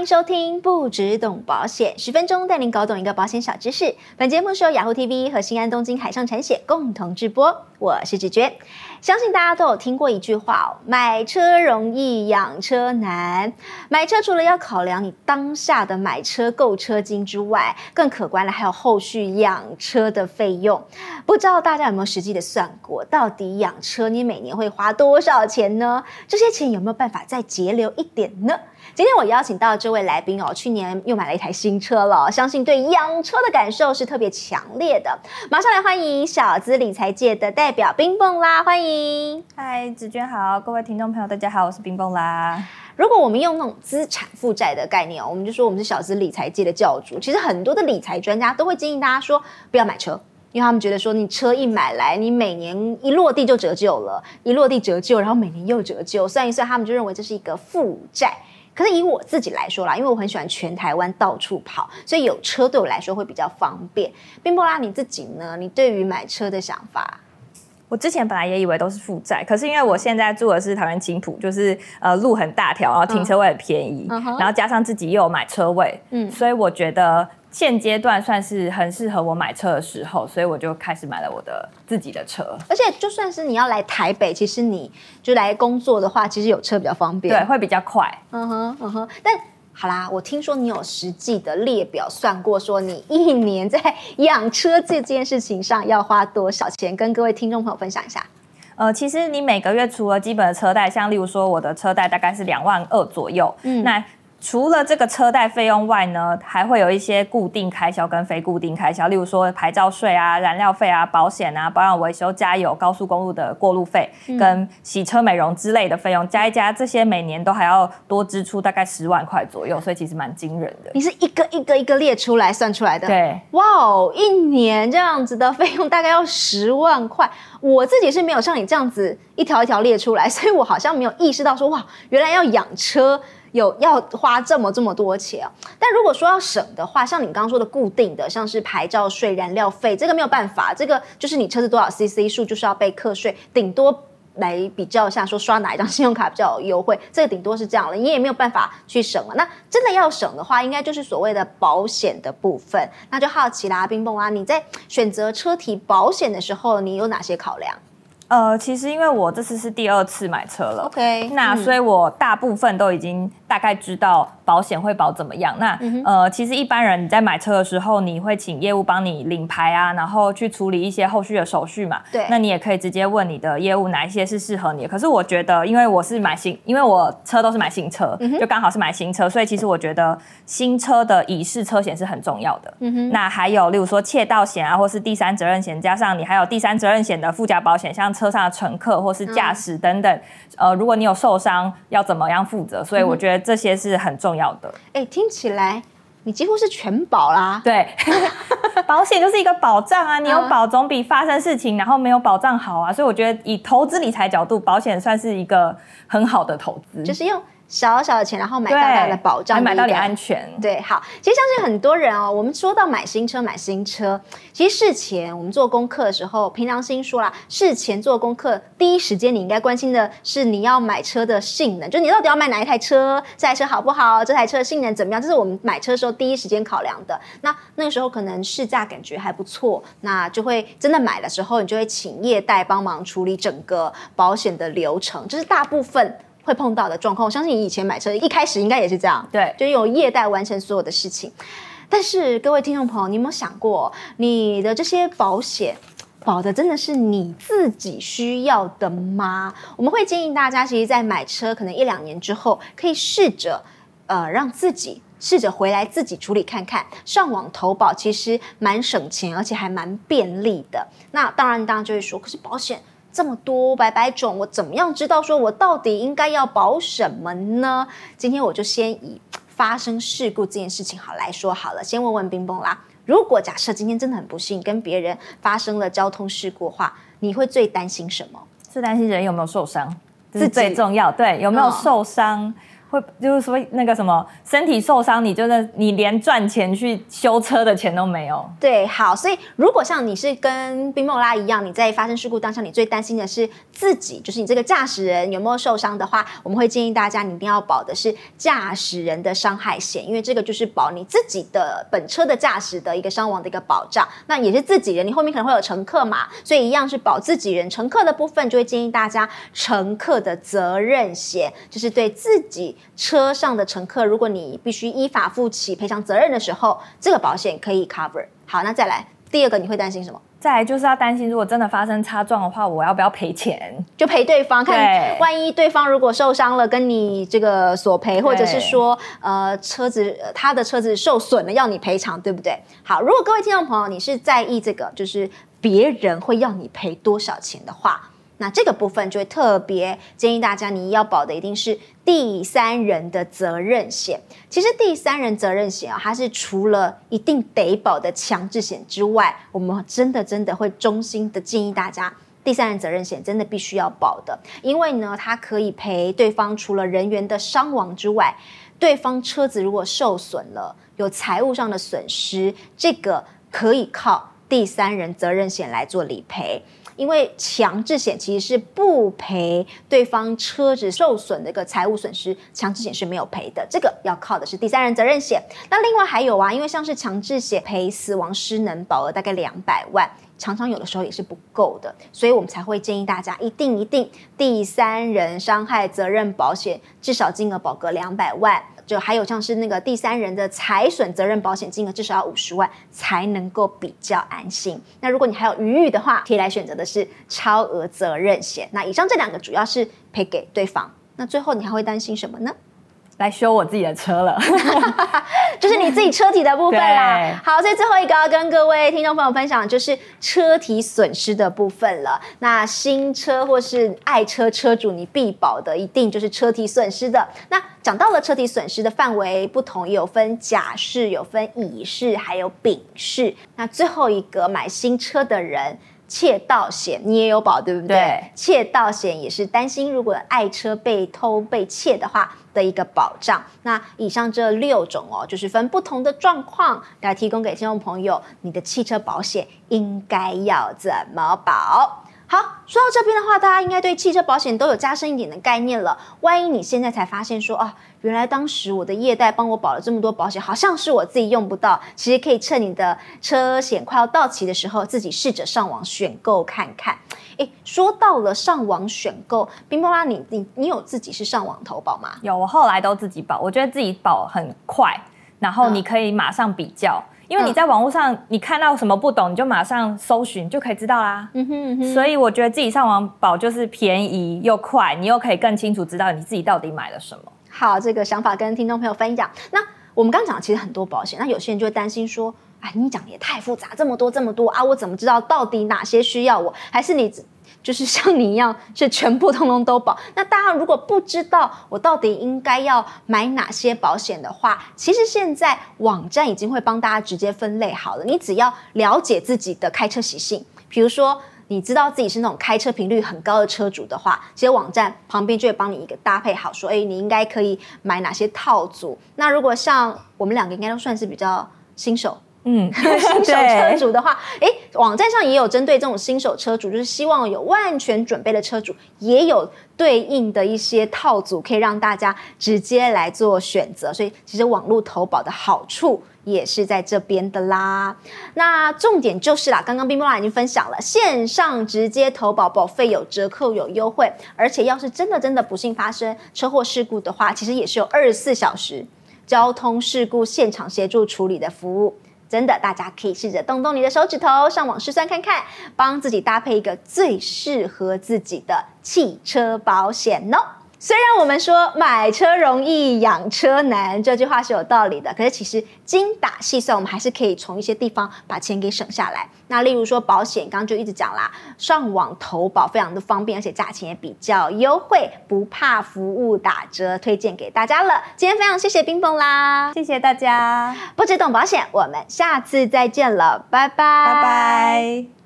歡迎收聽《不芷懂保險》，十分鐘帶您搞懂一個保險小知識。本節目是由雅虎 TV 和新安東京海上產險共同直播，我是芷娟。相信大家都有聽過一句話：“買車容易養車難。”買車除了要考量你當下的買車購車金之外，更可觀了，還有後續養車的費用。不知道大家有沒有實際的算過，到底養車你每年會花多少錢呢？這些錢有沒有辦法再節流一點呢？今天我邀請到這位來賓哦，去年又買了一台新車了，哦，相信對養車的感受是特別強烈的。馬上來歡迎小資理財界的代表冰蹦拉，歡迎！嗨，芷娟好，各位聽眾朋友大家好，我是冰蹦拉。如果我們用那種資產負債的概念，哦，我們就說我們是小資理財界的教主。其實很多的理財專家都會建議大家說不要買車，因為他們覺得說你車一買來，你每年一落地就折舊了，一落地折舊，然後每年又折舊，算一算，他們就認為這是一個負債。可是以我自己來說啦，因為我很喜歡全台灣到處跑，所以有車對我來說會比較方便。冰蹦拉，你自己呢？你對於買車的想法？我之前本來也以為都是負債，可是因為我現在住的是桃園青埔，就是呃路很大條，然後停車位很便宜，嗯、然後加上自己又有買車位，嗯，所以我覺得。現階段算是很適合我買車的時候，所以我就開始買了我的自己的車。而且就算是你要來台北，其實你就來工作的話，其實有車比較方便，對，會比較快。嗯哼，嗯哼。但好啦，我聽說你有實際的列表算過，說你一年在養車這件事情上要花多少錢， 跟各位聽眾朋友分享一下。呃，其實你每個月除了基本的車貸，像例如說我的車貸大概是兩萬二左右，嗯，那。除了這個車貸費用外呢，還會有一些固定開銷跟非固定開銷，例如說牌照稅啊、燃料費啊、保險啊、保養維修、加油、高速公路的過路費、嗯、跟洗車美容之類的費用，加一加這些每年都還要多支出大概十萬塊左右，所以其實蠻驚人的。你是一個一個一個列出來算出來的？對。哇哦，一年這樣子的費用大概要十萬塊。我自己是沒有像你這樣子一條一條列出來，所以我好像沒有意識到說，哇，原來要養車有要花這麼這麼多錢。哦，但如果說要省的話，像你剛剛說的固定的，像是牌照稅、燃料費，這個沒有辦法，這個就是你車子多少 CC 數就是要被課稅，頂多來比較一下說刷哪一張信用卡比較有優惠，這個頂多是這樣了，你也沒有辦法去省了。那真的要省的話，應該就是所謂的保險的部分。那就好奇啦，冰蹦啊，你在選擇車體保險的時候，你有哪些考量？呃，其實因為我這次是第二次買車了，OK。那所以我大部分都已經大概知道。保險會保怎麼樣？那、嗯、哼呃，其實一般人你在買車的時候，你會請業務幫你領牌啊，然後去處理一些後續的手續嘛。對，那你也可以直接問你的業務哪一些是適合你的。可是我覺得，因為我是買新，因為我車都是買新車，嗯、哼就剛好是買新車，所以其實我覺得新車的乙式車險是很重要的。嗯哼，那還有例如說竊盜險啊，或是第三責任險，加上你還有第三責任險的附加保險，像車上的乘客或是駕駛等等，嗯、呃，如果你有受傷要怎麼樣負責？所以我覺得這些是很重要的。嗯要的，哎、欸，聽起來你幾乎是全保啦，啊。對， 保險就是一個保障啊，你有保總比發生事情，嗯，然後沒有保障好啊。所以我覺得以投資理財角度，保險算是一個很好的投資，就是用。小小的錢，然後買大大的保障，還買到你安全。對，好，其實相信很多人哦，我們說到買新車，買新車，其實事前我們做功課的時候，憑良心說啦，事前做功課，第一時間你應該關心的是你要買車的性能，就是、你到底要買哪一台車，這台車好不好，這台車性能怎麼樣，這是我們買車的時候第一時間考量的。那那個時候可能試駕感覺還不錯，那就會真的買的時候，你就會請業代幫忙處理整個保險的流程，這、就是大部分。會碰到的狀況，我相信你以前買車一開始應該也是這樣。對，就有業代完成所有的事情。但是各位聽眾朋友，你有沒有想過，你的這些保險保的真的是你自己需要的嗎？我們會建議大家，其實，在買車可能一兩年之後，可以試着呃讓自己試着回來自己處理看看。上網投保其實蠻省錢，而且還蠻便利的。那當然，大家就會說，可是保險。這麼多百百種，我怎麼樣知道說我到底應該要保什麼呢？今天我就先以發生事故這件事情好來說好了，先問問冰蹦拉。如果假設今天真的很不幸跟別人發生了交通事故的話，你會最擔心什麼？最擔心人有沒有受傷，己是最重要對，有沒有受傷？嗯會就是說那個什麼身體受傷，你真的你連賺錢去修車的錢都沒有。對，好，所以如果像你是跟冰蹦拉一樣，你在發生事故當下，你最擔心的是自己，就是你這個駕駛人有沒有受傷的話，我們會建議大家你一定要保的是駕駛人的傷害險，因為這個就是保你自己的本車的駕駛的一個傷亡的一個保障。那也是自己人，你後面可能會有乘客嘛，所以一樣是保自己人乘客的部分，就會建議大家乘客的責任險，就是對自己。車上的乘客，如果你必須依法負起賠償責任的時候，這個保險可以 cover。好，那再來第二個，你會擔心什麼？再來就是要擔心，如果真的發生擦撞的話，我要不要賠錢？就賠對方，對。看萬一對方如果受傷了，跟你這個索賠，或者是說，對呃，車子他的車子受損了，要你賠償，對不對？好，如果各位聽眾朋友，你是在意這個，就是別人會要你賠多少錢的話。那這個部分就會特別建議大家，你要保的一定是第三人的責任險。其實，第三人責任險啊，它是除了一定得保的強制險之外，我們真的真的會衷心的建議大家，第三人責任險真的必須要保的，因為呢，它可以賠對方除了人員的傷亡之外，對方車子如果受損了，有財物上的損失，這個可以靠第三人責任險來做理賠。因為強制險其實是不賠對方車子受損的一個財務損失，強制險是沒有賠的，這個要靠的是第三人責任險。那另外還有啊，因為像是強制險賠死亡失能，保額大概兩百萬。常常有的時候也是不夠的，所以我們才會建議大家一定一定第三人傷害責任保險至少金額保額兩百萬，就還有像是那個第三人的財損責任保險金額至少要五十萬才能夠比較安心。那如果你還有餘裕的話，可以來選擇的是超額責任險。那以上這兩個主要是賠給對方。那最後你還會擔心什麼呢？來修我自己的車了， 就是你自己車體的部分啦。對好，所以最後一個要跟各位聽眾朋友分享，就是車體損失的部分了。那新車或是愛車車主，你必保的一定就是車體損失的。那講到了車體損失的範圍不同，有分甲式，有分乙式，還有丙式。那最後一個買新車的人。竊盜險你也有保，對不對？竊盜險也是擔心如果愛車被偷被竊的話的一個保障。那以上這六種哦，就是分不同的狀況來提供給聽眾朋友，你的汽車保險應該要怎麼保？好，說到這邊的話，大家應該對汽車保險都有加深一點的概念了。萬一你現在才發現說啊，原來當時我的業代幫我保了這麼多保險，好像是我自己用不到，其實可以趁你的車險快要到期的時候，自己試着上網選購看看。誒，說到了上網選購，冰蹦拉你，你你你有自己是上網投保嗎？有，我後來都自己保，我覺得自己保很快，然後你可以馬上比較。嗯因為你在網絡上，你看到什麼不懂，你就馬上搜尋，就可以知道啦、啊。嗯哼、嗯，嗯、所以我覺得自己上網保就是便宜又快，你又可以更清楚知道你自己到底買了什麼。好，這個想法跟聽眾朋友分享。那我們剛剛講其實很多保險，那有些人就會擔心說：“哎，你講的也太複雜，這麼多這麼多啊，我怎麼知道到底哪些需要我？還是你？”就是像你一樣，是全部通通都保。那大家如果不知道我到底應該要買哪些保險的話，其實現在網站已經會幫大家直接分類好了。你只要了解自己的開車習性，比如說你知道自己是那種開車頻率很高的車主的話，其實網站旁邊就會幫你一個搭配好，說哎，你應該可以買哪些套組。那如果像我們兩個應該都算是比較新手。嗯， 新手車主的話，哎，網站上也有針對這種新手車主，就是希望有萬全準備的車主，也有對應的一些套組，可以讓大家直接來做選擇。所以，其實網絡投保的好處也是在這邊的啦。那重點就是啦，剛剛冰蹦拉已經分享了，線上直接投保，保費有折扣有優惠，而且要是真的真的不幸發生車禍事故的話，其實也是有二十四小時交通事故現場協助處理的服務。真的，大家可以試着動動你的手指頭，上網試算看看，幫自己搭配一個最適合自己的汽車保險哦。雖然我們說買車容易，養車難，這句話是有道理的。可是其實精打細算，我們還是可以從一些地方把錢給省下來。那例如說保險，剛剛就一直講啦，上網投保非常的方便，而且價錢也比較優惠，不怕服務打折，推薦給大家了。今天非常謝謝冰蹦拉啦，謝謝大家，不芷懂保險，我們下次再見了，拜拜拜拜。